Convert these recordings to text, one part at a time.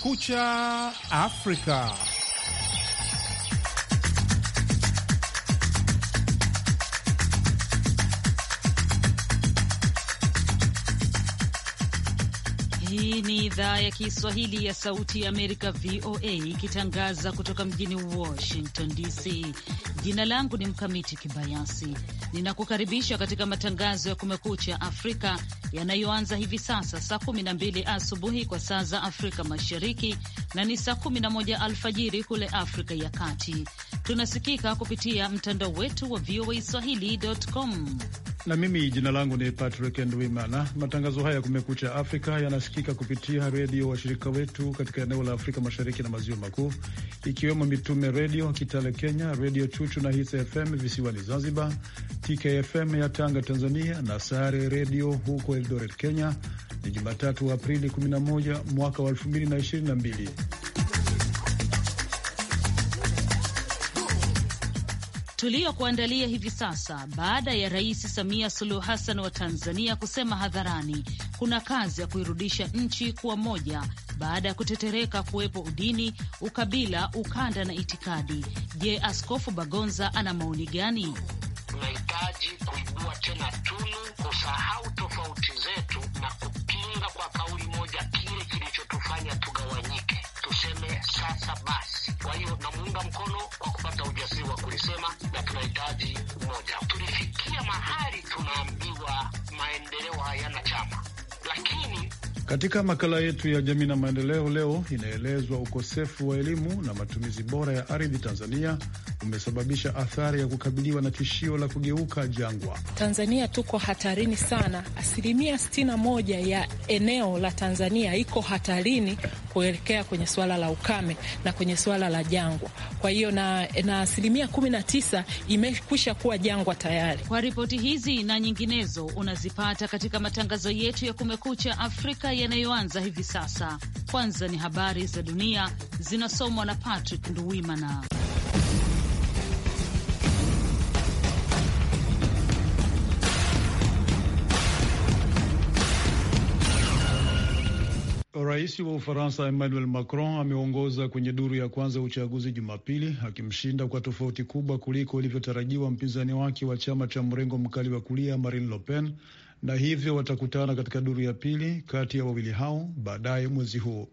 Kumekucha Afrika. Hii ni idhaa ya Kiswahili ya Sauti ya Amerika, VOA, ikitangaza kutoka mjini Washington DC. Jina langu ni Mkamiti Kibayasi, ninakukaribisha katika matangazo ya Kumekucha Afrika yanayoanza hivi sasa saa 12 asubuhi kwa saa za Afrika Mashariki na ni saa 11 alfajiri kule Afrika ya Kati. Tunasikika kupitia mtandao wetu wa VOA swahili.com na mimi jina langu ni Patrick Ndwimana. Matangazo haya ya Kumekucha Afrika yanasikika kupitia redio washirika wetu katika eneo la Afrika Mashariki na Maziwa Makuu, ikiwemo Mitume Redio Kitale Kenya, Redio Chuchu na Hisa FM visiwani Zanzibar, TKFM ya Tanga Tanzania, na Sare Redio huko Eldoret Kenya. Ni Jumatatu Aprili 11 mwaka wa 2022. tuliyokuandalia hivi sasa. Baada ya Rais Samia Suluhu Hassan wa Tanzania kusema hadharani kuna kazi ya kuirudisha nchi kuwa moja baada ya kutetereka kuwepo udini, ukabila, ukanda na itikadi. Je, Askofu Bagonza ana maoni gani? Tunahitaji kuibua tena tunu, kusahau tofauti zetu na kupinga kwa kauli moja aseme sasa basi. Kwa hiyo namuunga mkono kwa kupata ujasiri wa kulisema, na tunahitaji umoja. Tulifikia mahali tunaambiwa maendeleo hayana chama, lakini katika makala yetu ya jamii na maendeleo leo, inaelezwa ukosefu wa elimu na matumizi bora ya ardhi Tanzania umesababisha athari ya kukabiliwa na tishio la kugeuka jangwa. Tanzania tuko hatarini sana, asilimia 61 ya eneo la Tanzania iko hatarini kuelekea kwenye suala la ukame na kwenye suala la jangwa. Kwa hiyo na, na asilimia 19 imekwisha kuwa jangwa tayari. Kwa ripoti hizi na nyinginezo unazipata katika matangazo yetu ya Kumekucha Afrika yanayoanza hivi sasa. Kwanza ni habari za dunia zinasomwa na Patrick Nduwimana. Rais wa Ufaransa Emmanuel Macron ameongoza kwenye duru ya kwanza ya uchaguzi Jumapili, akimshinda kwa tofauti kubwa kuliko ilivyotarajiwa mpinzani wake wa chama cha mrengo mkali wa kulia Marine Le Pen na hivyo watakutana katika duru ya pili kati ya wawili hao baadaye mwezi huu.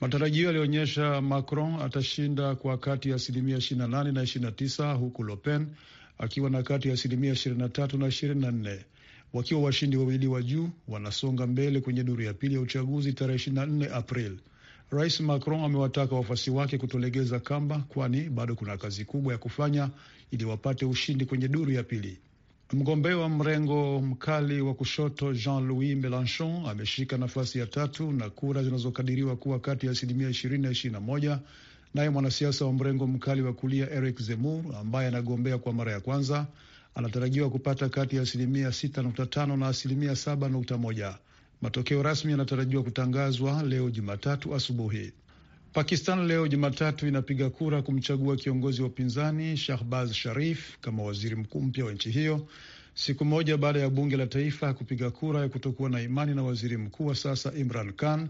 Matarajio yalionyesha Macron atashinda kwa kati ya asilimia 28 na 29 huku Le Pen akiwa na kati ya asilimia 23 na 24. Wakiwa washindi wawili wa juu, wanasonga mbele kwenye duru ya pili ya uchaguzi tarehe 24 April. Rais Macron amewataka wafuasi wake kutolegeza kamba, kwani bado kuna kazi kubwa ya kufanya ili wapate ushindi kwenye duru ya pili. Mgombea wa mrengo mkali wa kushoto Jean-Louis Melanchon ameshika nafasi ya tatu na kura zinazokadiriwa kuwa kati ya asilimia ishirini na ishirini Naye mwanasiasa wa mrengo mkali wa kulia Eric Zemmour ambaye anagombea kwa mara ya kwanza anatarajiwa kupata kati ya asilimia 6.5 na asilimia 7.1. Matokeo rasmi yanatarajiwa kutangazwa leo Jumatatu asubuhi. Pakistan leo Jumatatu inapiga kura kumchagua kiongozi wa upinzani Shahbaz Sharif kama waziri mkuu mpya wa nchi hiyo siku moja baada ya bunge la taifa kupiga kura ya kutokuwa na imani na waziri mkuu wa sasa Imran Khan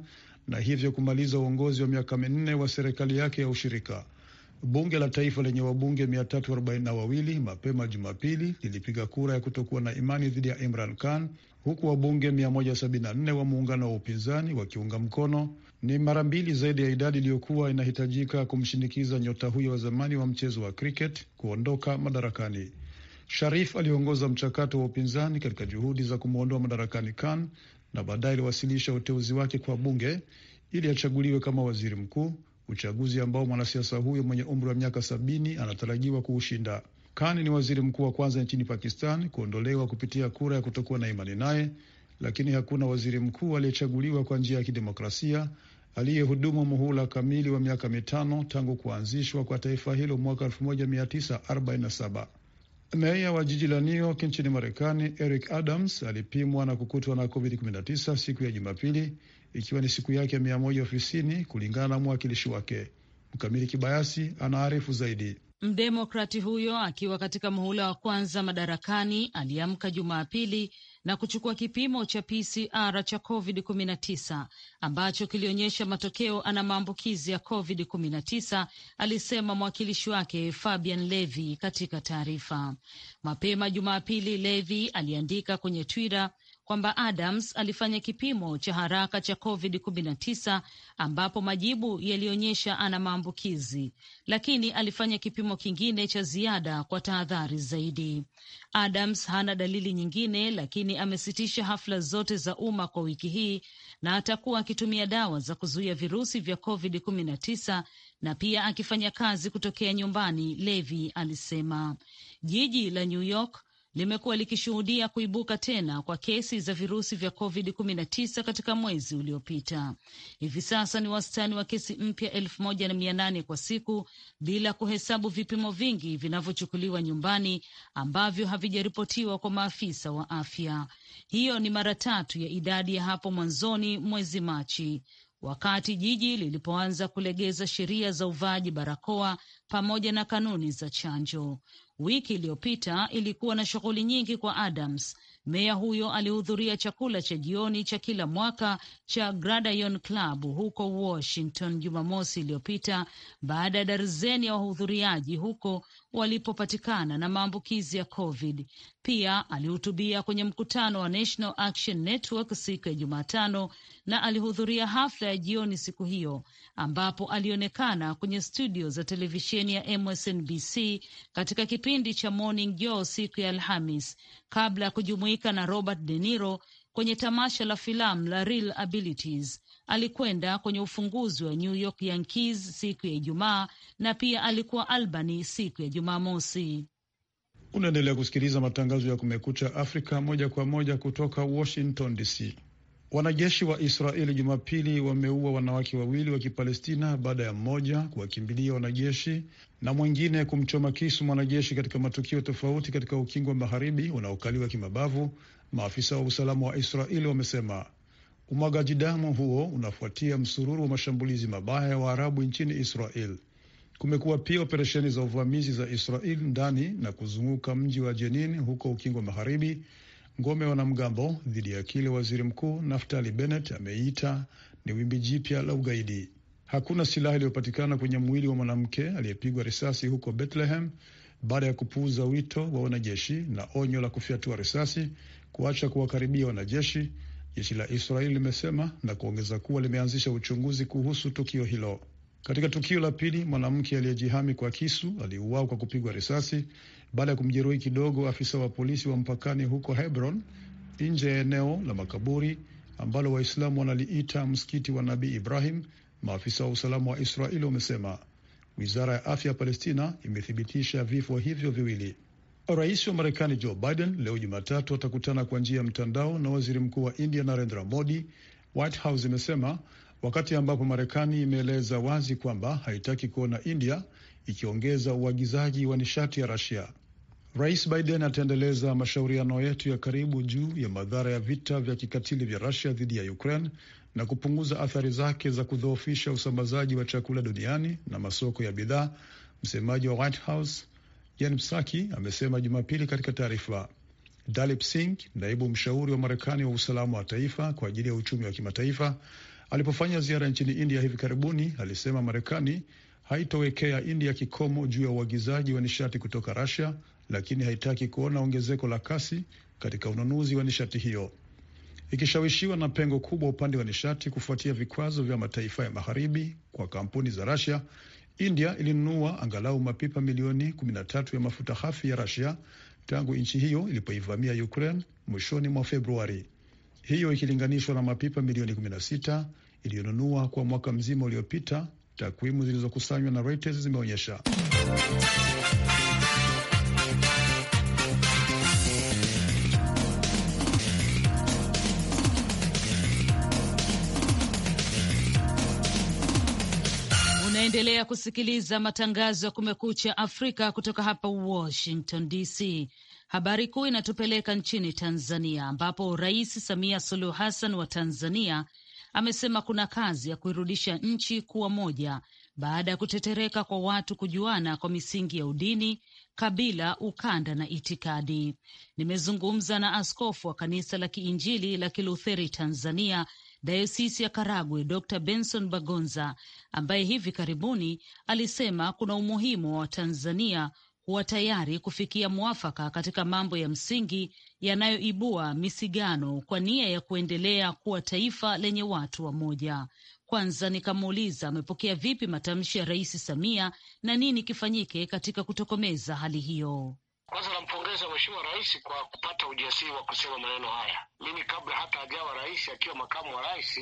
na hivyo kumaliza uongozi wa miaka minne wa serikali yake ya ushirika. Bunge la taifa lenye wabunge 342 mapema Jumapili lilipiga kura ya kutokuwa na imani dhidi ya Imran Khan, huku wabunge 174 wa muungano wa upinzani wakiunga mkono ni mara mbili zaidi ya idadi iliyokuwa inahitajika kumshinikiza nyota huyo wa zamani wa mchezo wa cricket kuondoka madarakani. Sharif aliongoza mchakato wa upinzani katika juhudi za kumwondoa madarakani Khan na baadaye aliwasilisha uteuzi wake kwa bunge ili achaguliwe kama waziri mkuu, uchaguzi ambao mwanasiasa huyo mwenye umri wa miaka sabini anatarajiwa kuushinda. Khan ni waziri mkuu wa kwanza nchini Pakistan kuondolewa kupitia kura ya kutokuwa na imani naye lakini hakuna waziri mkuu aliyechaguliwa kwa njia ya kidemokrasia aliyehudumu muhula kamili wa miaka mitano tangu kuanzishwa kwa taifa hilo mwaka 1947. Meya wa jiji la New York nchini Marekani, Eric Adams, alipimwa na kukutwa na COVID-19 siku ya Jumapili, ikiwa ni siku yake mia moja ofisini, kulingana na mwakilishi wake. Mkamili Kibayasi anaarifu zaidi. Mdemokrati huyo akiwa katika muhula wa kwanza madarakani aliamka Jumapili na kuchukua kipimo cha PCR cha COVID-19 ambacho kilionyesha matokeo ana maambukizi ya COVID-19, alisema mwakilishi wake Fabian Levi katika taarifa. Mapema Jumapili, Levi aliandika kwenye Twitter kwamba Adams alifanya kipimo cha haraka cha COVID-19 ambapo majibu yalionyesha ana maambukizi, lakini alifanya kipimo kingine cha ziada kwa tahadhari zaidi. Adams hana dalili nyingine, lakini amesitisha hafla zote za umma kwa wiki hii na atakuwa akitumia dawa za kuzuia virusi vya COVID-19 na pia akifanya kazi kutokea nyumbani, Levi alisema. Jiji la New York limekuwa likishuhudia kuibuka tena kwa kesi za virusi vya COVID-19 katika mwezi uliopita. Hivi sasa ni wastani wa kesi mpya elfu moja na mia nane kwa siku, bila kuhesabu vipimo vingi vinavyochukuliwa nyumbani ambavyo havijaripotiwa kwa maafisa wa afya. Hiyo ni mara tatu ya idadi ya hapo mwanzoni mwezi Machi wakati jiji lilipoanza kulegeza sheria za uvaaji barakoa pamoja na kanuni za chanjo. Wiki iliyopita ilikuwa na shughuli nyingi kwa Adams. Meya huyo alihudhuria chakula cha jioni cha kila mwaka cha Gradayon Club huko Washington Jumamosi iliyopita baada ya darzeni ya wahudhuriaji huko walipopatikana na maambukizi ya COVID. Pia alihutubia kwenye mkutano wa National Action Network siku ya Jumatano na alihudhuria hafla ya jioni siku hiyo ambapo alionekana kwenye studio za televisheni ya MSNBC katika kipindi cha Morning Joe siku ya Alhamis kabla ya kujumuika na Robert De Niro kwenye tamasha la filamu la Real Abilities alikwenda kwenye ufunguzi wa New York Yankees siku ya Ijumaa na pia alikuwa Albany siku ya Jumamosi. Unaendelea kusikiliza matangazo ya Kumekucha Afrika moja kwa moja kutoka Washington DC. Wanajeshi wa Israeli Jumapili wameua wanawake wawili wa Kipalestina baada ya mmoja kuwakimbilia wanajeshi na mwingine kumchoma kisu mwanajeshi katika matukio tofauti katika ukingo wa magharibi unaokaliwa kimabavu, maafisa wa usalama wa Israeli wamesema. Umwagaji damu huo unafuatia msururu wa mashambulizi mabaya ya Waarabu nchini Israel. Kumekuwa pia operesheni za uvamizi za Israel ndani na kuzunguka mji wa Jenin huko Ukingo Magharibi, ngome ya wanamgambo dhidi ya kile waziri mkuu Naftali Bennett ameita ni wimbi jipya la ugaidi. Hakuna silaha iliyopatikana kwenye mwili wa mwanamke aliyepigwa risasi huko Bethlehem baada ya kupuuza wito wa wanajeshi na onyo la kufyatua risasi, kuacha kuwakaribia wanajeshi jeshi la Israeli limesema na kuongeza kuwa limeanzisha uchunguzi kuhusu tukio hilo. Katika tukio la pili, mwanamke aliyejihami kwa kisu aliuawa kwa kupigwa risasi baada ya kumjeruhi kidogo afisa wa polisi wa mpakani huko Hebron, nje ya eneo la makaburi ambalo Waislamu wanaliita msikiti wa Nabii Ibrahim, maafisa wa usalama wa Israeli wamesema. Wizara ya afya ya Palestina imethibitisha vifo hivyo viwili. Rais wa Marekani Joe Biden leo Jumatatu atakutana kwa njia ya mtandao na waziri mkuu wa India Narendra Modi, White House imesema, wakati ambapo Marekani imeeleza wazi kwamba haitaki kuona India ikiongeza uagizaji wa nishati ya Rasia. Rais Biden ataendeleza mashauriano yetu ya karibu juu ya madhara ya vita vya kikatili vya Rusia dhidi ya Ukraine na kupunguza athari zake za kudhoofisha usambazaji wa chakula duniani na masoko ya bidhaa, msemaji wa White House Jan Psaki amesema Jumapili katika taarifa. Dalip Singh, naibu mshauri wa Marekani wa usalama wa taifa kwa ajili ya uchumi wa kimataifa, alipofanya ziara nchini India hivi karibuni, alisema Marekani haitowekea India kikomo juu ya uagizaji wa nishati kutoka Russia, lakini haitaki kuona ongezeko la kasi katika ununuzi wa nishati hiyo, ikishawishiwa na pengo kubwa upande wa nishati kufuatia vikwazo vya mataifa ya magharibi kwa kampuni za Russia. India ilinunua angalau mapipa milioni 13 ya mafuta hafi ya rasia tangu nchi hiyo ilipoivamia Ukraine mwishoni mwa Februari, hiyo ikilinganishwa na mapipa milioni 16 iliyonunua kwa mwaka mzima uliopita, takwimu zilizokusanywa na Reuters zimeonyesha Unaendelea kusikiliza matangazo ya Kumekucha Afrika kutoka hapa Washington DC. Habari kuu inatupeleka nchini Tanzania, ambapo Rais Samia Suluhu Hassan wa Tanzania amesema kuna kazi ya kuirudisha nchi kuwa moja baada ya kutetereka kwa watu kujuana kwa misingi ya udini, kabila, ukanda na itikadi. Nimezungumza na askofu wa kanisa la Kiinjili la Kilutheri Tanzania dayosisi ya Karagwe Dr Benson Bagonza ambaye hivi karibuni alisema kuna umuhimu wa Tanzania kuwa tayari kufikia mwafaka katika mambo ya msingi yanayoibua misigano kwa nia ya kuendelea kuwa taifa lenye watu wamoja. Kwanza nikamuuliza amepokea vipi matamshi ya Rais Samia na nini kifanyike katika kutokomeza hali hiyo. Kwanza nampongeza Mheshimiwa Rais kwa kupata ujasiri wa kusema maneno haya. Mimi kabla hata ajawa rais, akiwa makamu wa rais,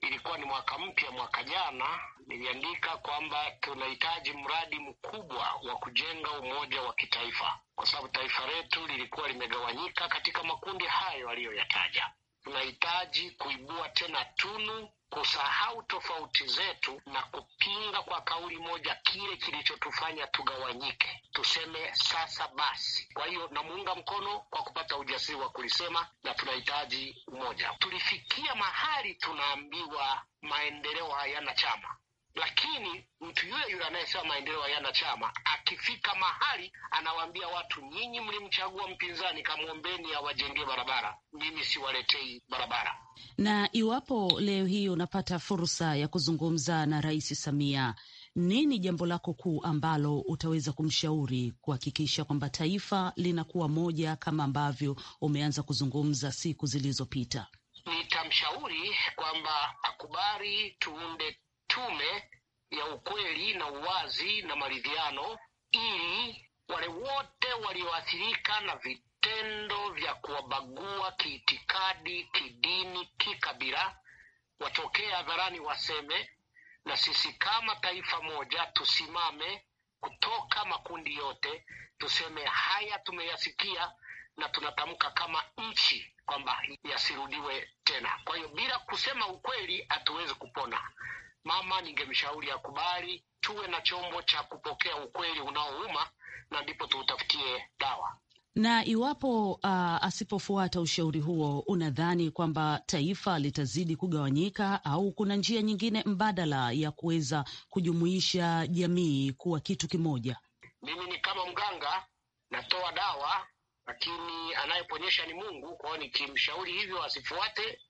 ilikuwa ni mwaka mpya, mwaka jana, niliandika kwamba tunahitaji mradi mkubwa wa kujenga umoja wa kitaifa, kwa sababu taifa letu lilikuwa limegawanyika katika makundi hayo aliyoyataja tunahitaji kuibua tena tunu kusahau tofauti zetu na kupinga kwa kauli moja kile kilichotufanya tugawanyike, tuseme sasa basi. Kwa hiyo namuunga mkono kwa kupata ujasiri wa kulisema, na tunahitaji umoja. Tulifikia mahali tunaambiwa maendeleo hayana chama. Lakini mtu yule yule anayesema maendeleo hayana chama, akifika mahali anawaambia watu, nyinyi mlimchagua mpinzani, kamwombeni awajengee barabara, mimi siwaletei barabara. Na iwapo leo hii unapata fursa ya kuzungumza na Rais Samia, nini jambo lako kuu ambalo utaweza kumshauri kuhakikisha kwamba taifa linakuwa moja kama ambavyo umeanza kuzungumza siku zilizopita? Nitamshauri kwamba akubali tuunde tume ya ukweli na uwazi na maridhiano, ili wale wote walioathirika na vitendo vya kuwabagua kiitikadi, kidini, kikabila watokee hadharani waseme, na sisi kama taifa moja tusimame kutoka makundi yote, tuseme haya tumeyasikia, na tunatamka kama nchi kwamba yasirudiwe tena. Kwa hiyo bila kusema ukweli hatuwezi kupona mama, ningemshauri akubali, tuwe na chombo cha kupokea ukweli unaouma na ndipo tuutafutie dawa na iwapo uh, asipofuata ushauri huo, unadhani kwamba taifa litazidi kugawanyika au kuna njia nyingine mbadala ya kuweza kujumuisha jamii kuwa kitu kimoja? Mimi ni kama mganga, natoa dawa, lakini anayeponyesha ni Mungu. Kwa hiyo nikimshauri hivyo asifuate,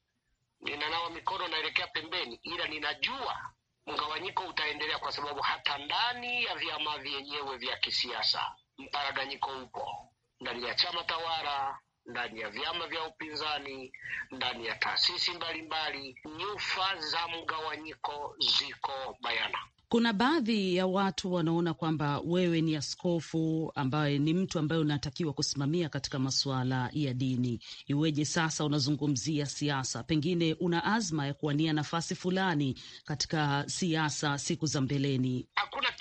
ninanawa mikono naelekea pembeni, ila ninajua mgawanyiko utaendelea, kwa sababu hata ndani ya vyama vyenyewe vya kisiasa mparaganyiko upo ndani ya chama tawala, ndani ya vyama vya upinzani, ndani ya taasisi mbalimbali, nyufa za mgawanyiko ziko bayana. Kuna baadhi ya watu wanaona kwamba wewe ni askofu ambaye ni mtu ambaye unatakiwa kusimamia katika masuala ya dini, iweje sasa unazungumzia siasa? Pengine una azma ya kuwania nafasi fulani katika siasa siku za mbeleni. Hakuna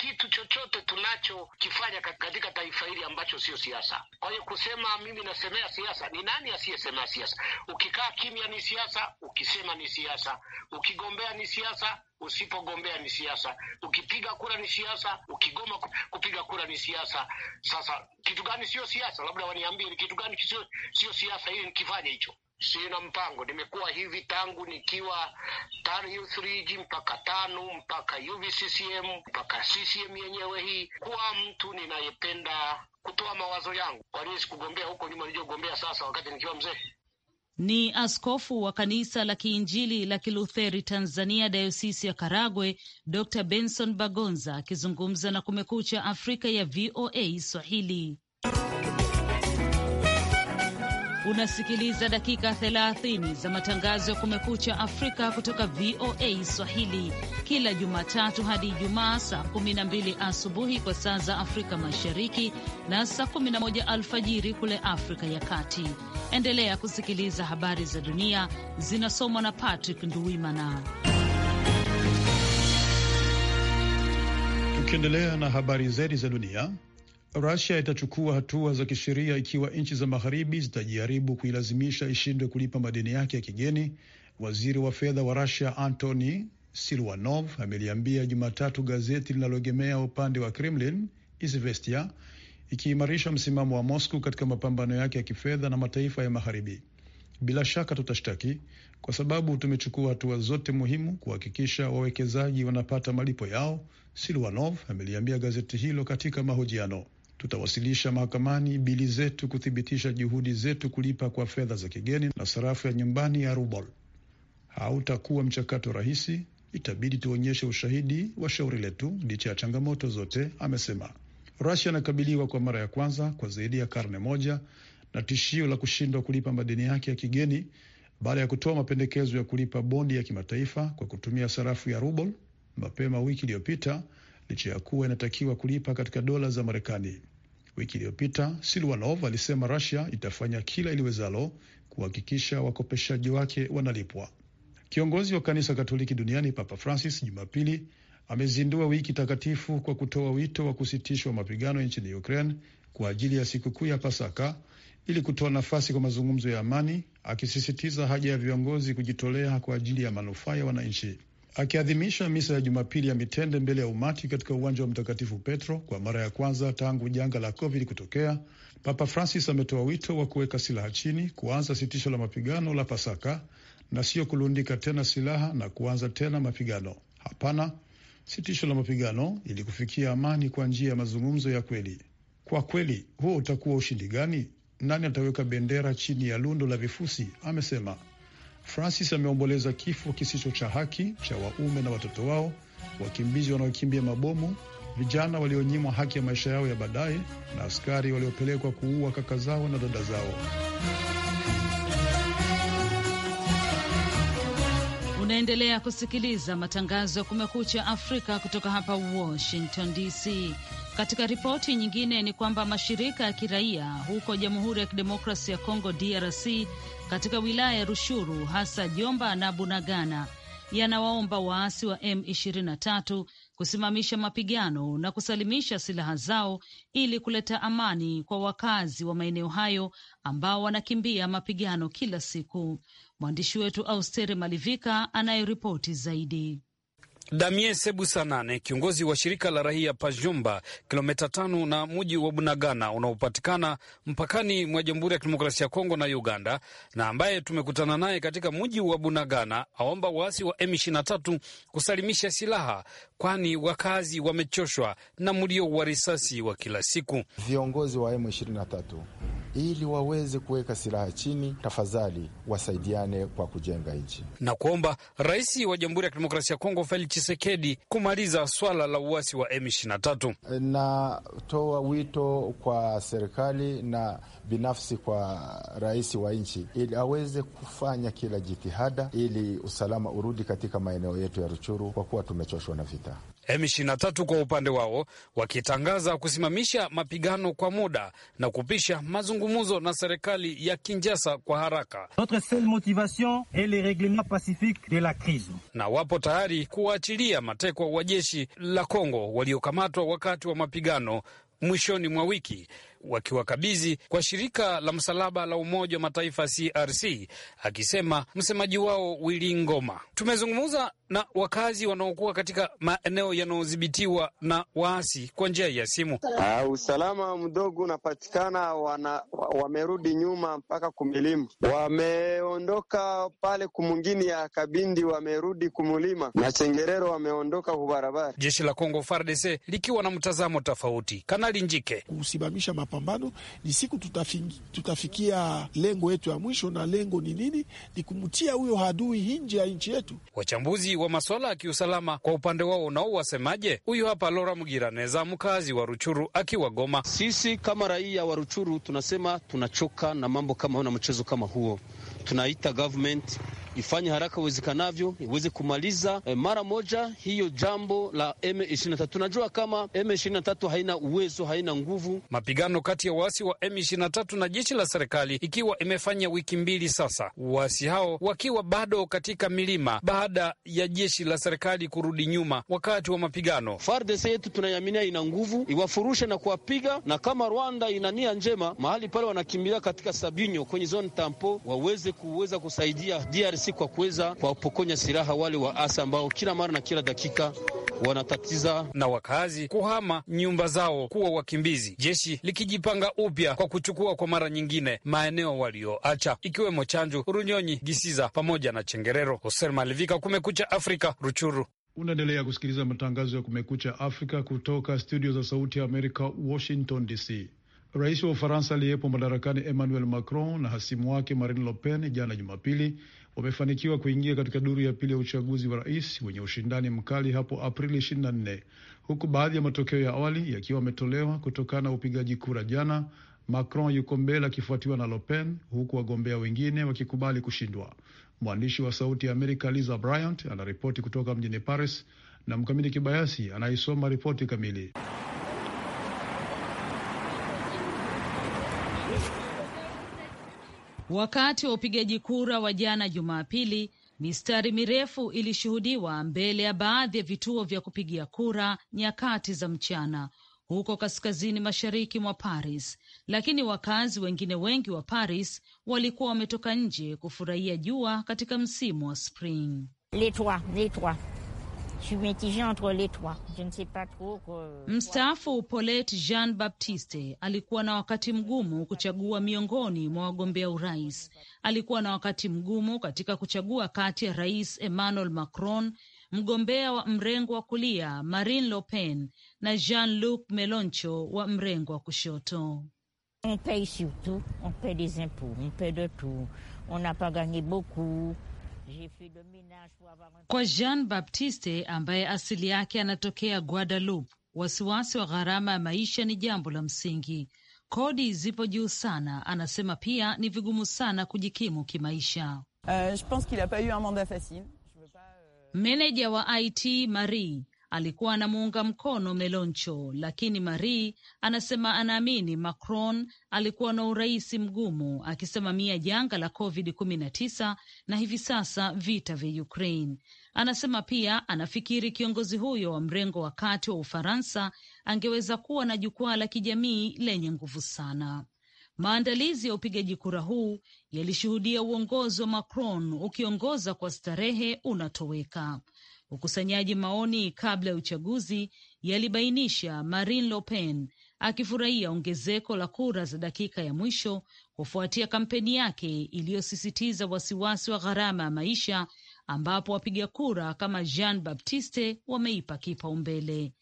anachokifanya katika taifa hili ambacho sio siasa. Kwa hiyo kusema mimi nasemea siasa, ni nani asiyesemea siasa? Ukikaa kimya ni siasa, ukisema ni siasa, ukigombea ni siasa usipogombea ni siasa, ukipiga kura ni siasa, ukigoma kupiga kura ni siasa. Sasa kitu gani sio siasa? Labda waniambie ni kitu gani sio siasa ili nikifanya hicho sina mpango. Nimekuwa hivi tangu nikiwa hiyo 3 g mpaka tano mpaka UVCCM mpaka CCM yenyewe hii, kuwa mtu ninayependa kutoa mawazo yangu. Kwa nini sikugombea huko nyuma nilijogombea sasa wakati nikiwa mzee? Ni askofu wa kanisa la Kiinjili la Kilutheri Tanzania, dayosisi ya Karagwe, Dr Benson Bagonza akizungumza na Kumekucha Afrika ya VOA Swahili. Unasikiliza dakika 30 za matangazo ya Kumekucha Afrika kutoka VOA Swahili kila Jumatatu hadi Ijumaa saa 12 asubuhi kwa saa za Afrika Mashariki na saa 11 alfajiri kule Afrika ya Kati. Endelea kusikiliza habari za dunia zinasomwa na Patrick Nduwimana. Tukiendelea na habari zaidi za dunia Rusia itachukua hatua za kisheria ikiwa nchi za magharibi zitajaribu kuilazimisha ishindwe kulipa madeni yake ya kigeni. Waziri wa fedha wa Rusia Antony Silwanov ameliambia Jumatatu gazeti linaloegemea upande wa Kremlin Izvestia, ikiimarisha msimamo wa Moscow katika mapambano yake ya kifedha na mataifa ya magharibi. Bila shaka tutashtaki kwa sababu tumechukua hatua zote muhimu kuhakikisha wawekezaji wanapata malipo yao, Silwanov ameliambia gazeti hilo katika mahojiano tutawasilisha mahakamani bili zetu kuthibitisha juhudi zetu kulipa kwa fedha za kigeni na sarafu ya nyumbani ya ruble. Hautakuwa mchakato rahisi, itabidi tuonyeshe ushahidi wa shauri letu licha ya changamoto zote, amesema. Rusia inakabiliwa kwa mara ya kwanza kwa zaidi ya karne moja na tishio la kushindwa kulipa madeni yake ya kigeni baada ya kutoa mapendekezo ya kulipa bondi ya kimataifa kwa kutumia sarafu ya ruble mapema wiki iliyopita licha ya kuwa inatakiwa kulipa katika dola za Marekani. Wiki iliyopita Silwanov alisema Rusia itafanya kila iliwezalo kuhakikisha wakopeshaji wake wanalipwa. Kiongozi wa kanisa Katoliki duniani Papa Francis Jumapili amezindua wiki takatifu kwa kutoa wito wa kusitishwa mapigano nchini Ukraine kwa ajili ya sikukuu ya Pasaka ili kutoa nafasi kwa mazungumzo ya amani, akisisitiza haja ya viongozi kujitolea kwa ajili ya manufaa ya wananchi akiadhimisha misa ya Jumapili ya mitende mbele ya umati katika uwanja wa Mtakatifu Petro kwa mara ya kwanza tangu janga la COVID kutokea, Papa Francis ametoa wito wa kuweka silaha chini, kuanza sitisho la mapigano la Pasaka na sio kulundika tena silaha na kuanza tena mapigano. Hapana, sitisho la mapigano ili kufikia amani kwa njia ya mazungumzo ya kweli. Kwa kweli, huo utakuwa ushindi gani? Nani ataweka bendera chini ya lundo la vifusi? amesema. Francis ameomboleza kifo kisicho cha haki cha waume na watoto wao, wakimbizi wanaokimbia mabomu, vijana walionyimwa haki ya maisha yao ya baadaye, na askari waliopelekwa kuua kaka zao na dada zao. Unaendelea kusikiliza matangazo ya Kumekucha Afrika kutoka hapa Washington DC. Katika ripoti nyingine ni kwamba mashirika ya kiraia huko Jamhuri ya Kidemokrasi ya Kongo, DRC, katika wilaya ya Rushuru, hasa Jomba na Bunagana, yanawaomba waasi wa M23 kusimamisha mapigano na kusalimisha silaha zao ili kuleta amani kwa wakazi wa maeneo hayo ambao wanakimbia mapigano kila siku. Mwandishi wetu Austeri Malivika anayeripoti zaidi. Damien Sebusanane, kiongozi wa shirika la raia Pajumba, kilomita tano na mji wa Bunagana unaopatikana mpakani mwa Jamhuri ya Kidemokrasia ya Kongo na Uganda, na ambaye tumekutana naye katika mji wa Bunagana, aomba waasi wa M23 kusalimisha silaha, kwani wakazi wamechoshwa na mlio wa risasi wa kila siku. Viongozi wa M23 ili waweze kuweka silaha chini, tafadhali wasaidiane kwa kujenga nchi, na kuomba rais wa Jamhuri ya Kidemokrasia ya Kongo Felix Chisekedi kumaliza swala la uasi wa M23. Natoa wito kwa serikali na binafsi kwa rais wa nchi ili aweze kufanya kila jitihada ili usalama urudi katika maeneo yetu ya Ruchuru kwa kuwa tumechoshwa na vita. M23 kwa upande wao wakitangaza kusimamisha mapigano kwa muda na kupisha mazungumzo na serikali ya Kinjasa kwa haraka. Notre seule motivation est le reglement pacifique de la crise. Na wapo tayari kuwaachilia matekwa wa jeshi la Kongo waliokamatwa wakati wa mapigano mwishoni mwa wiki wakiwakabidhi kwa shirika la msalaba la Umoja wa Mataifa CRC, akisema msemaji wao Willy Ngoma. Tumezungumza na wakazi wanaokuwa katika maeneo yanayodhibitiwa na waasi kwa njia ya simu. Uh, usalama mdogo unapatikana, wana, wamerudi nyuma mpaka kumilima, wameondoka pale kumungini ya Kabindi, wamerudi kumulima na Chengerero, wameondoka kubarabara. Jeshi la Kongo FARDC likiwa na mtazamo tofauti. Kanali Njike kusimamisha mapambano, ni siku tutafiki, tutafikia lengo yetu ya mwisho. Na lengo ni nini? Ni kumtia huyo hadui nje ya nchi yetu. Wachambuzi wa masuala ya kiusalama kwa upande wao nao wasemaje? Huyu hapa Lora neza mkazi wa Ruchuru akiwa Goma. Sisi kama raia wa Ruchuru tunasema tunachoka na mambo kama na mchezo kama huo, tunaita government ifanye haraka iwezekanavyo iweze kumaliza eh, mara moja hiyo jambo la M23. Najua kama M23 haina uwezo, haina nguvu. Mapigano kati ya waasi wa M23 na jeshi la serikali ikiwa imefanya wiki mbili sasa, waasi hao wakiwa bado katika milima baada ya jeshi la serikali kurudi nyuma wakati wa mapigano. FARDC yetu tunaiaminia ina nguvu, iwafurushe na kuwapiga, na kama Rwanda ina nia njema mahali pale wanakimbilia katika Sabinyo kwenye zone tampo, waweze kuweza kusaidia DRC sisi kwa kuweza kuwapokonya silaha wale waasi ambao kila mara na kila dakika wanatatiza na wakazi kuhama nyumba zao kuwa wakimbizi, jeshi likijipanga upya kwa kuchukua kwa mara nyingine maeneo walioacha ikiwemo Chanju, Runyonyi, Gisiza pamoja na Chengerero. Hoser Malivika, Kumekucha Afrika, Ruchuru. Unaendelea kusikiliza matangazo ya Kumekucha Afrika kutoka studio za Sauti ya Amerika, Washington DC. Rais wa Ufaransa aliyepo madarakani Emmanuel Macron na hasimu wake Marine Le Pen jana Jumapili wamefanikiwa kuingia katika duru ya pili ya uchaguzi wa rais wenye ushindani mkali hapo Aprili 24 huku baadhi ya matokeo ya awali yakiwa yametolewa kutokana na upigaji kura jana. Macron yuko mbele akifuatiwa na Le Pen huku wagombea wengine wakikubali kushindwa. Mwandishi wa Sauti ya Amerika Lisa Bryant anaripoti kutoka mjini Paris na Mkamiti Kibayasi anaisoma ripoti kamili. Wakati wa upigaji kura wa jana Jumapili, mistari mirefu ilishuhudiwa mbele ya baadhi ya vituo vya kupigia kura nyakati za mchana huko kaskazini mashariki mwa Paris, lakini wakazi wengine wengi wa Paris walikuwa wametoka nje kufurahia jua katika msimu wa spring. Euh, Mstaafu Polet Jean Baptiste alikuwa na wakati mgumu kuchagua miongoni mwa wagombea urais. Alikuwa na wakati mgumu katika kuchagua kati ya Rais Emmanuel Macron, mgombea wa mrengo wa kulia Marine Le Pen na Jean-Luc meloncho wa mrengo wa kushoto. On paye surtout, on paye des on paye de tout. On n'a pas beaucoup. Kwa Jean Baptiste ambaye asili yake anatokea Guadeloupe, wasiwasi wa gharama ya maisha ni jambo la msingi. Kodi zipo juu sana, anasema. Pia ni vigumu sana kujikimu kimaisha. Uh, meneja wa IT Marie alikuwa anamuunga mkono Meloncho, lakini Marie anasema anaamini Macron alikuwa na urais mgumu akisimamia janga la COVID-19 na hivi sasa vita vya ukrain Ukraine. Anasema pia anafikiri kiongozi huyo wa mrengo wa kati wa Ufaransa angeweza kuwa na jukwaa la kijamii lenye nguvu sana. Maandalizi ya upigaji kura huu yalishuhudia uongozi wa Macron ukiongoza kwa starehe unatoweka. Ukusanyaji maoni kabla ya uchaguzi yalibainisha Marine Le Pen akifurahia ongezeko la kura za dakika ya mwisho kufuatia kampeni yake iliyosisitiza wasiwasi wa gharama ya maisha, ambapo wapiga kura kama Jean Baptiste wameipa kipaumbele.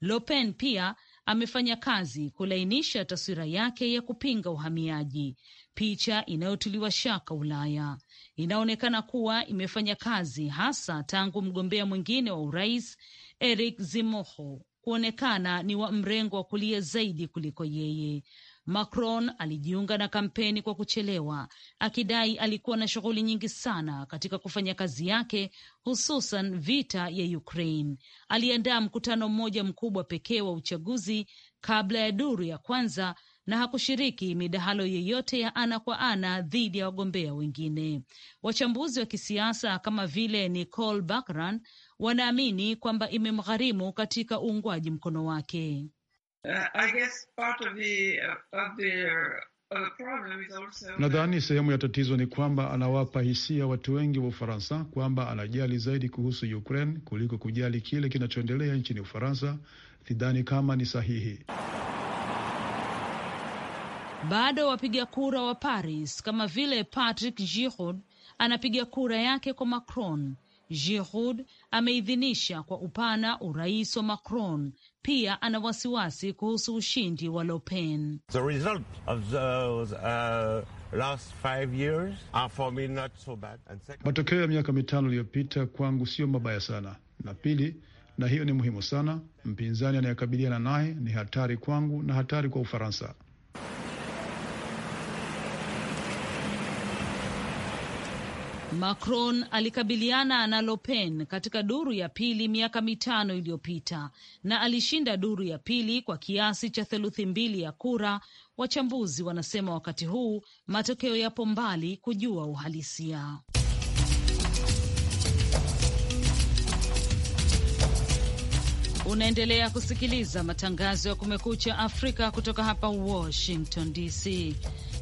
Le Pen pia amefanya kazi kulainisha taswira yake ya kupinga uhamiaji picha inayotuliwa shaka Ulaya inaonekana kuwa imefanya kazi hasa tangu mgombea mwingine wa urais Eric Zimoho kuonekana ni wa mrengo wa kulia zaidi kuliko yeye. Macron alijiunga na kampeni kwa kuchelewa, akidai alikuwa na shughuli nyingi sana katika kufanya kazi yake, hususan vita ya Ukraine. Aliandaa mkutano mmoja mkubwa pekee wa uchaguzi kabla ya duru ya kwanza na hakushiriki midahalo yeyote ya ana kwa ana dhidi ya wagombea wengine. Wachambuzi wa kisiasa kama vile Nicole Bakran wanaamini kwamba imemgharimu katika uungwaji mkono wake. Uh, uh, uh, Nadhani sehemu ya tatizo ni kwamba anawapa hisia watu wengi wa Ufaransa kwamba anajali zaidi kuhusu Ukraine kuliko kujali kile kinachoendelea nchini Ufaransa. Sidhani kama ni sahihi. Bado wapiga kura wa Paris kama vile Patrick Giroud anapiga kura yake kwa Macron. Giroud ameidhinisha kwa upana urais wa Macron. Pia ana wasiwasi kuhusu ushindi wa Le Pen. Matokeo ya miaka mitano iliyopita kwangu sio mabaya sana, na pili, na hiyo ni muhimu sana, mpinzani anayekabiliana naye ni hatari kwangu na hatari kwa Ufaransa. Macron alikabiliana na Le Pen katika duru ya pili miaka mitano iliyopita na alishinda duru ya pili kwa kiasi cha theluthi mbili ya kura. Wachambuzi wanasema wakati huu matokeo yapo mbali kujua uhalisia. Unaendelea kusikiliza matangazo ya Kumekucha Afrika kutoka hapa Washington DC.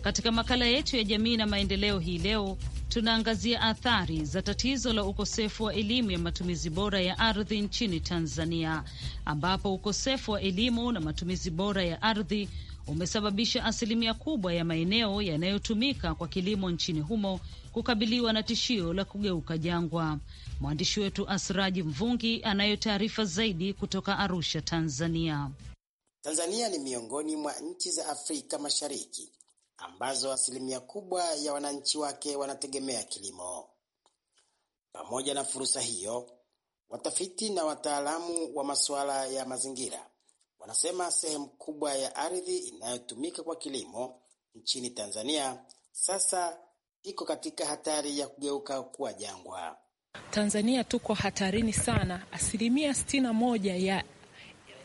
Katika makala yetu ya jamii na maendeleo hii leo tunaangazia athari za tatizo la ukosefu wa elimu ya matumizi bora ya ardhi nchini Tanzania, ambapo ukosefu wa elimu na matumizi bora ya ardhi umesababisha asilimia kubwa ya maeneo yanayotumika kwa kilimo nchini humo kukabiliwa na tishio la kugeuka jangwa. Mwandishi wetu Asraji Mvungi anayo taarifa zaidi kutoka Arusha, Tanzania. Tanzania ni miongoni mwa nchi za Afrika Mashariki ambazo asilimia kubwa ya wananchi wake wanategemea kilimo. Pamoja na fursa hiyo, watafiti na wataalamu wa masuala ya mazingira wanasema sehemu kubwa ya ardhi inayotumika kwa kilimo nchini Tanzania sasa iko katika hatari ya kugeuka kuwa jangwa. Tanzania tuko hatarini sana. Asilimia sitini na moja ya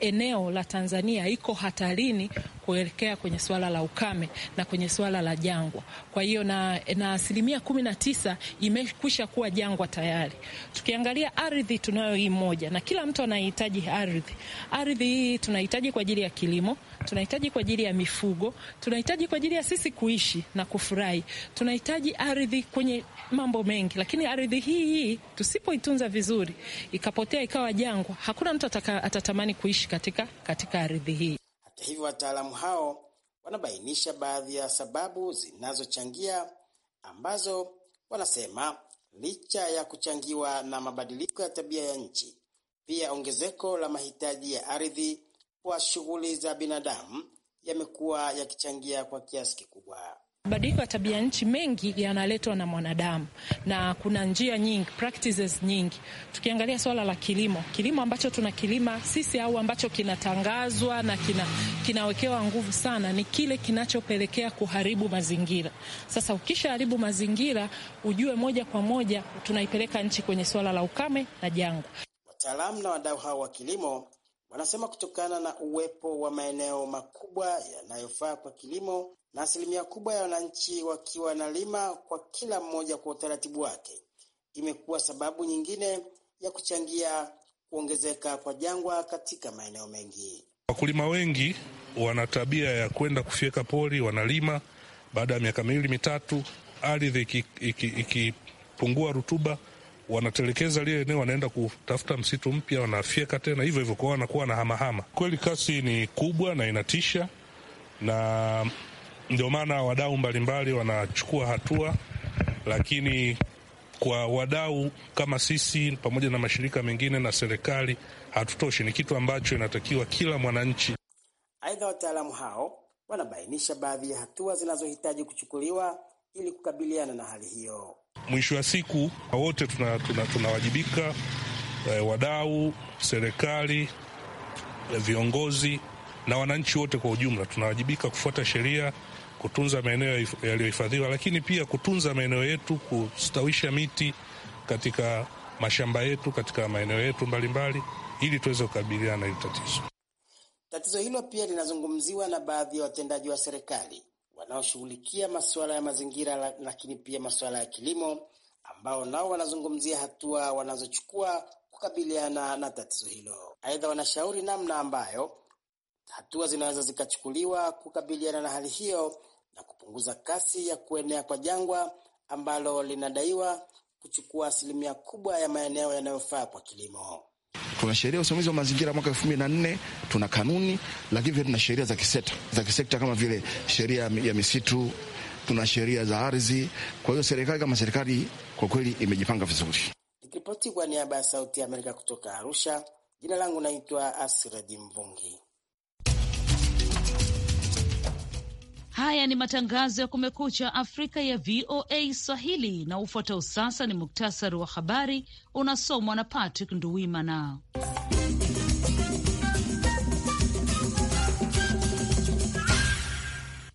eneo la Tanzania iko hatarini kuelekea kwenye suala la ukame na kwenye suala la jangwa. Kwa hiyo na, na asilimia kumi na tisa imekwisha kuwa jangwa tayari. Tukiangalia ardhi tunayo hii moja, na kila mtu anahitaji ardhi. Ardhi hii tunahitaji kwa ajili ya kilimo tunahitaji kwa ajili ya mifugo, tunahitaji kwa ajili ya sisi kuishi na kufurahi, tunahitaji ardhi kwenye mambo mengi. Lakini ardhi hii hii tusipoitunza vizuri, ikapotea ikawa jangwa, hakuna mtu ataka, atatamani kuishi katika, katika ardhi hii. Hata hivyo, wataalamu hao wanabainisha baadhi ya sababu zinazochangia ambazo wanasema licha ya kuchangiwa na mabadiliko ya tabia ya nchi, pia ongezeko la mahitaji ya ardhi kwa shughuli za binadamu yamekuwa yakichangia kwa kiasi kikubwa. Mabadiliko ya tabia nchi mengi yanaletwa na mwanadamu, na kuna njia nyingi, practices nyingi. Tukiangalia swala la kilimo, kilimo ambacho tunakilima sisi au ambacho kinatangazwa na kina, kinawekewa nguvu sana ni kile kinachopelekea kuharibu mazingira. Sasa ukishaharibu mazingira, ujue moja kwa moja tunaipeleka nchi kwenye swala la ukame na jangwa. Wataalamu na wadau hao wa kilimo Wanasema kutokana na uwepo wa maeneo makubwa yanayofaa kwa kilimo na asilimia kubwa ya wananchi wakiwa na lima kwa kila mmoja kwa utaratibu wake, imekuwa sababu nyingine ya kuchangia kuongezeka kwa jangwa katika maeneo mengi. Wakulima wengi wana tabia ya kwenda kufyeka pori, wanalima. Baada ya miaka miwili mitatu, ardhi ikipungua iki, iki rutuba wanatelekeza lile eneo, wanaenda kutafuta msitu mpya, wanafyeka tena hivyo hivyo, kwao wanakuwa na hamahama. Kweli kasi ni kubwa na inatisha, na ndio maana wadau mbalimbali wanachukua hatua, lakini kwa wadau kama sisi pamoja na mashirika mengine na serikali hatutoshi. Ni kitu ambacho inatakiwa kila mwananchi. Aidha, wataalamu hao wanabainisha baadhi ya hatua zinazohitaji kuchukuliwa ili kukabiliana na hali hiyo. Mwisho wa siku wote tunawajibika, tuna, tuna eh, wadau, serikali, eh, viongozi na wananchi wote kwa ujumla tunawajibika kufuata sheria, kutunza maeneo yaliyohifadhiwa, lakini pia kutunza maeneo yetu, kustawisha miti katika mashamba yetu, katika maeneo yetu mbalimbali, ili tuweze kukabiliana na hili tatizo. Tatizo hilo pia linazungumziwa na baadhi ya watendaji wa serikali wanaoshughulikia masuala ya mazingira, lakini pia masuala ya kilimo, ambao nao wanazungumzia hatua wanazochukua kukabiliana na tatizo hilo. Aidha, wanashauri namna ambayo hatua zinaweza zikachukuliwa kukabiliana na hali hiyo na kupunguza kasi ya kuenea kwa jangwa ambalo linadaiwa kuchukua asilimia kubwa ya maeneo yanayofaa kwa kilimo. Tuna sheria ya usimamizi wa mazingira mwaka 2004, tuna kanuni, lakini pia tuna sheria za kisekta, za kisekta kama vile sheria ya misitu, tuna sheria za ardhi. Kwa hiyo serikali kama serikali kwa kweli imejipanga vizuri. Nikiripoti kwa niaba ya Sauti ya Amerika kutoka Arusha, jina langu naitwa Asiraji Mvungi. Haya ni matangazo ya Kumekucha Afrika ya VOA Swahili, na ufuatao sasa ni muktasari wa habari unasomwa na Patrick Nduwimana.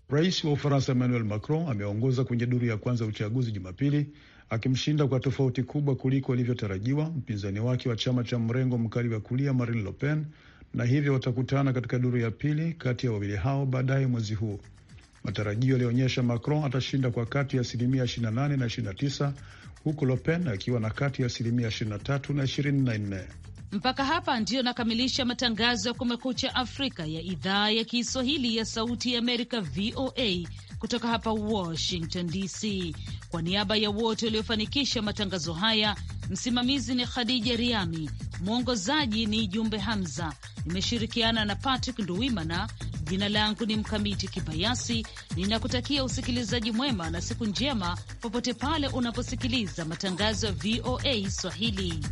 Rais wa Ufaransa Emmanuel Macron ameongoza kwenye duru ya kwanza ya uchaguzi Jumapili, akimshinda kwa tofauti kubwa kuliko ilivyotarajiwa mpinzani wake wa chama cha mrengo mkali wa kulia Marine Le Pen, na hivyo watakutana katika duru ya pili kati ya wawili hao baadaye mwezi huu. Matarajio yalionyesha Macron atashinda kwa kati ya asilimia 28 na 29 huku Le Pen akiwa na kati ya asilimia 23 na 24. Mpaka hapa ndiyo nakamilisha matangazo ya Kumekucha Afrika ya idhaa ya Kiswahili ya Sauti ya Amerika, VOA, kutoka hapa Washington DC. Kwa niaba ya wote waliofanikisha matangazo haya, msimamizi ni Khadija Riami, mwongozaji ni Jumbe Hamza, nimeshirikiana na Patrick Nduwimana. Jina langu ni Mkamiti Kibayasi, ninakutakia usikilizaji mwema na siku njema popote pale unaposikiliza matangazo ya VOA Swahili.